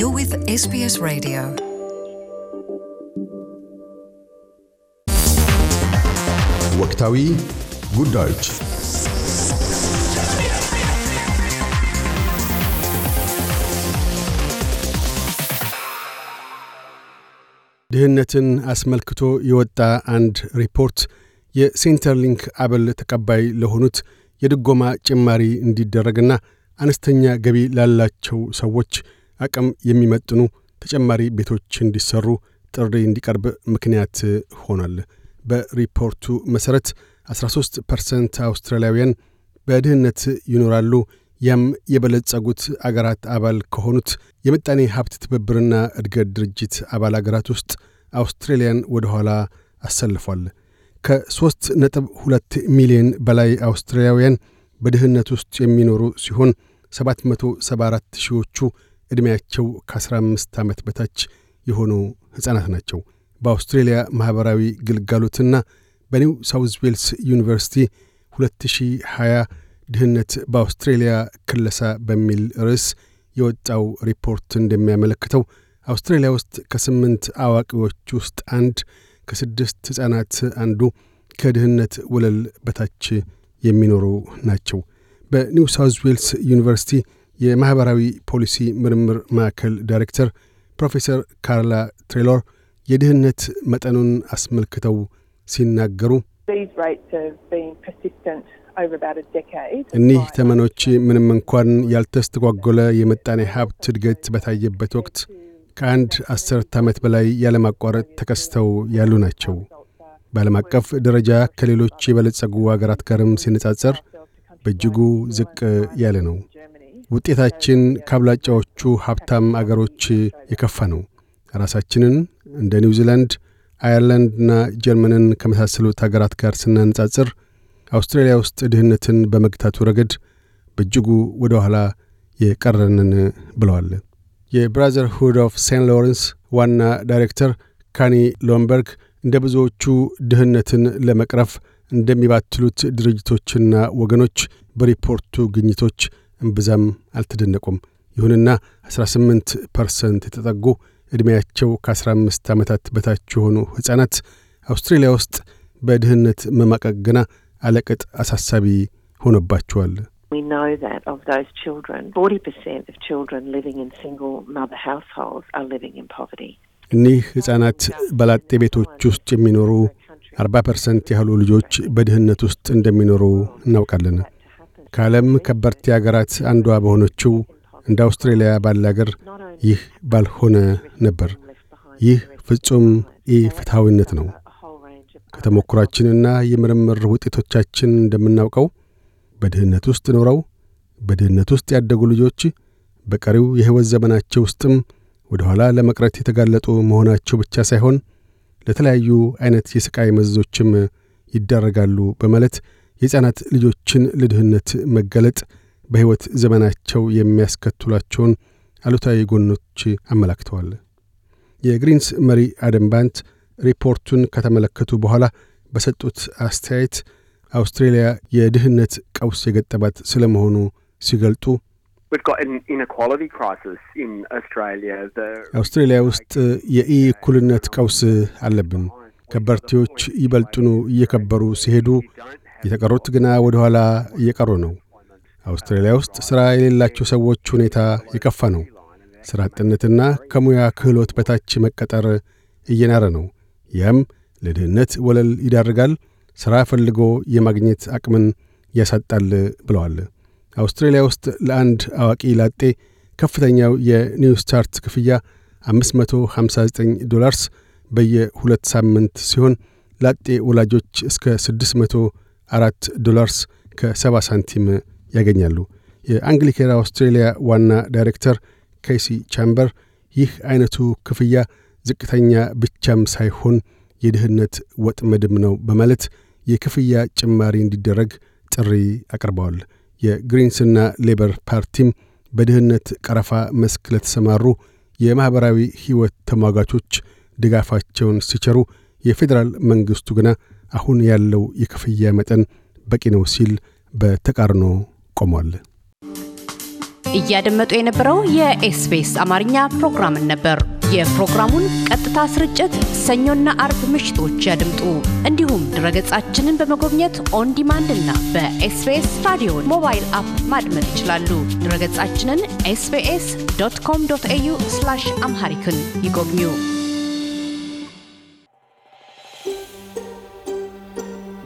You're with SBS Radio. ወቅታዊ ጉዳዮች ድህነትን አስመልክቶ የወጣ አንድ ሪፖርት የሴንተርሊንክ አበል ተቀባይ ለሆኑት የድጎማ ጭማሪ እንዲደረግና አነስተኛ ገቢ ላላቸው ሰዎች አቅም የሚመጥኑ ተጨማሪ ቤቶች እንዲሰሩ ጥሪ እንዲቀርብ ምክንያት ሆኗል። በሪፖርቱ መሠረት 13 ፐርሰንት አውስትራሊያውያን በድህነት ይኖራሉ። ያም የበለጸጉት አገራት አባል ከሆኑት የምጣኔ ሀብት ትብብርና እድገት ድርጅት አባል አገራት ውስጥ አውስትሬልያን ወደ ኋላ አሰልፏል። ከሦስት ነጥብ ሁለት ሚሊዮን በላይ አውስትራሊያውያን በድህነት ውስጥ የሚኖሩ ሲሆን 774 ሺዎቹ ዕድሜያቸው ከ15 ዓመት በታች የሆኑ ሕፃናት ናቸው። በአውስትሬልያ ማኅበራዊ ግልጋሎትና በኒው ሳውዝ ዌልስ ዩኒቨርሲቲ 2020 ድህነት በአውስትሬልያ ክለሳ በሚል ርዕስ የወጣው ሪፖርት እንደሚያመለክተው አውስትሬልያ ውስጥ ከስምንት አዋቂዎች ውስጥ አንድ ከስድስት ሕፃናት አንዱ ከድህነት ወለል በታች የሚኖሩ ናቸው። በኒው ሳውዝ ዌልስ ዩኒቨርሲቲ የማኅበራዊ ፖሊሲ ምርምር ማዕከል ዳይሬክተር ፕሮፌሰር ካርላ ትሬሎር የድህነት መጠኑን አስመልክተው ሲናገሩ እኒህ ተመኖች ምንም እንኳን ያልተስተጓጎለ የመጣኔ ሀብት እድገት በታየበት ወቅት ከአንድ አስርት ዓመት በላይ ያለማቋረጥ ተከስተው ያሉ ናቸው። በዓለም አቀፍ ደረጃ ከሌሎች የበለጸጉ አገራት ጋርም ሲነጻጸር በእጅጉ ዝቅ ያለ ነው። ውጤታችን ከአብላጫዎቹ ሀብታም አገሮች የከፋ ነው። ራሳችንን እንደ ኒውዚላንድ፣ አየርላንድና ጀርመንን ከመሳሰሉት አገራት ጋር ስናነጻጽር አውስትራሊያ ውስጥ ድህነትን በመግታቱ ረገድ በእጅጉ ወደ ኋላ የቀረንን ብለዋል። የብራዘርሁድ ኦፍ ሴንት ሎረንስ ዋና ዳይሬክተር ካኒ ሎምበርግ እንደ ብዙዎቹ ድህነትን ለመቅረፍ እንደሚባትሉት ድርጅቶችና ወገኖች በሪፖርቱ ግኝቶች እምብዛም አልተደነቁም። ይሁንና 18 ፐርሰንት የተጠጉ ዕድሜያቸው ከ15 ዓመታት በታች የሆኑ ሕፃናት አውስትሬልያ ውስጥ በድህነት መማቀቅ ግና አለቅጥ አሳሳቢ ሆኖባቸዋል። እኒህ ሕፃናት በላጤ ቤቶች ውስጥ የሚኖሩ 40 ፐርሰንት ያህሉ ልጆች በድህነት ውስጥ እንደሚኖሩ እናውቃለን። ከዓለም ከበርቲ አገራት አንዷ በሆነችው እንደ አውስትሬልያ ባለ አገር ይህ ባልሆነ ነበር። ይህ ፍጹም ኢፍትሐዊነት ነው። ከተሞክሯችንና የምርምር ውጤቶቻችን እንደምናውቀው በድህነት ውስጥ ኖረው በድህነት ውስጥ ያደጉ ልጆች በቀሪው የሕይወት ዘመናቸው ውስጥም ወደ ኋላ ለመቅረት የተጋለጡ መሆናቸው ብቻ ሳይሆን ለተለያዩ አይነት የሥቃይ መዘዞችም ይዳረጋሉ በማለት የሕፃናት ልጆችን ለድህነት መጋለጥ በሕይወት ዘመናቸው የሚያስከትሏቸውን አሉታዊ ጎኖች አመላክተዋል። የግሪንስ መሪ አደም ባንት ሪፖርቱን ከተመለከቱ በኋላ በሰጡት አስተያየት አውስትሬልያ የድህነት ቀውስ የገጠባት ስለመሆኑ ሲገልጡ አውስትሬልያ ውስጥ የኢ እኩልነት ቀውስ አለብን። ከበርቴዎች ይበልጡኑ እየከበሩ ሲሄዱ የተቀሩት ግና ወደ ኋላ እየቀሩ ነው። አውስትራሊያ ውስጥ ሥራ የሌላቸው ሰዎች ሁኔታ የከፋ ነው። ሥራ አጥነትና ከሙያ ክህሎት በታች መቀጠር እየናረ ነው። ያም ለድህነት ወለል ይዳርጋል፣ ሥራ ፈልጎ የማግኘት አቅምን ያሳጣል ብለዋል። አውስትራሊያ ውስጥ ለአንድ አዋቂ ላጤ ከፍተኛው የኒው ስታርት ክፍያ 559 ዶላርስ በየሁለት ሳምንት ሲሆን ላጤ ወላጆች እስከ 600 አራት ዶላርስ ከ70 ሳንቲም ያገኛሉ። የአንግሊኬን አውስትሬልያ ዋና ዳይሬክተር ኬሲ ቻምበር ይህ አይነቱ ክፍያ ዝቅተኛ ብቻም ሳይሆን የድህነት ወጥመድም ነው በማለት የክፍያ ጭማሪ እንዲደረግ ጥሪ አቅርበዋል። የግሪንስና ሌበር ፓርቲም በድህነት ቀረፋ መስክ ለተሰማሩ የማኅበራዊ ሕይወት ተሟጋቾች ድጋፋቸውን ሲቸሩ፣ የፌዴራል መንግሥቱ ግና አሁን ያለው የክፍያ መጠን በቂ ነው ሲል በተቃርኖ ቆሟል። እያደመጡ የነበረው የኤስቢኤስ አማርኛ ፕሮግራምን ነበር። የፕሮግራሙን ቀጥታ ስርጭት ሰኞና አርብ ምሽቶች ያድምጡ። እንዲሁም ድረገጻችንን በመጎብኘት ኦን ዲማንድ እና በኤስቢኤስ ራዲዮ ሞባይል አፕ ማድመጥ ይችላሉ። ድረገጻችንን ኤስቢኤስ ዶት ኮም ዶት ኤዩ አምሃሪክን ይጎብኙ።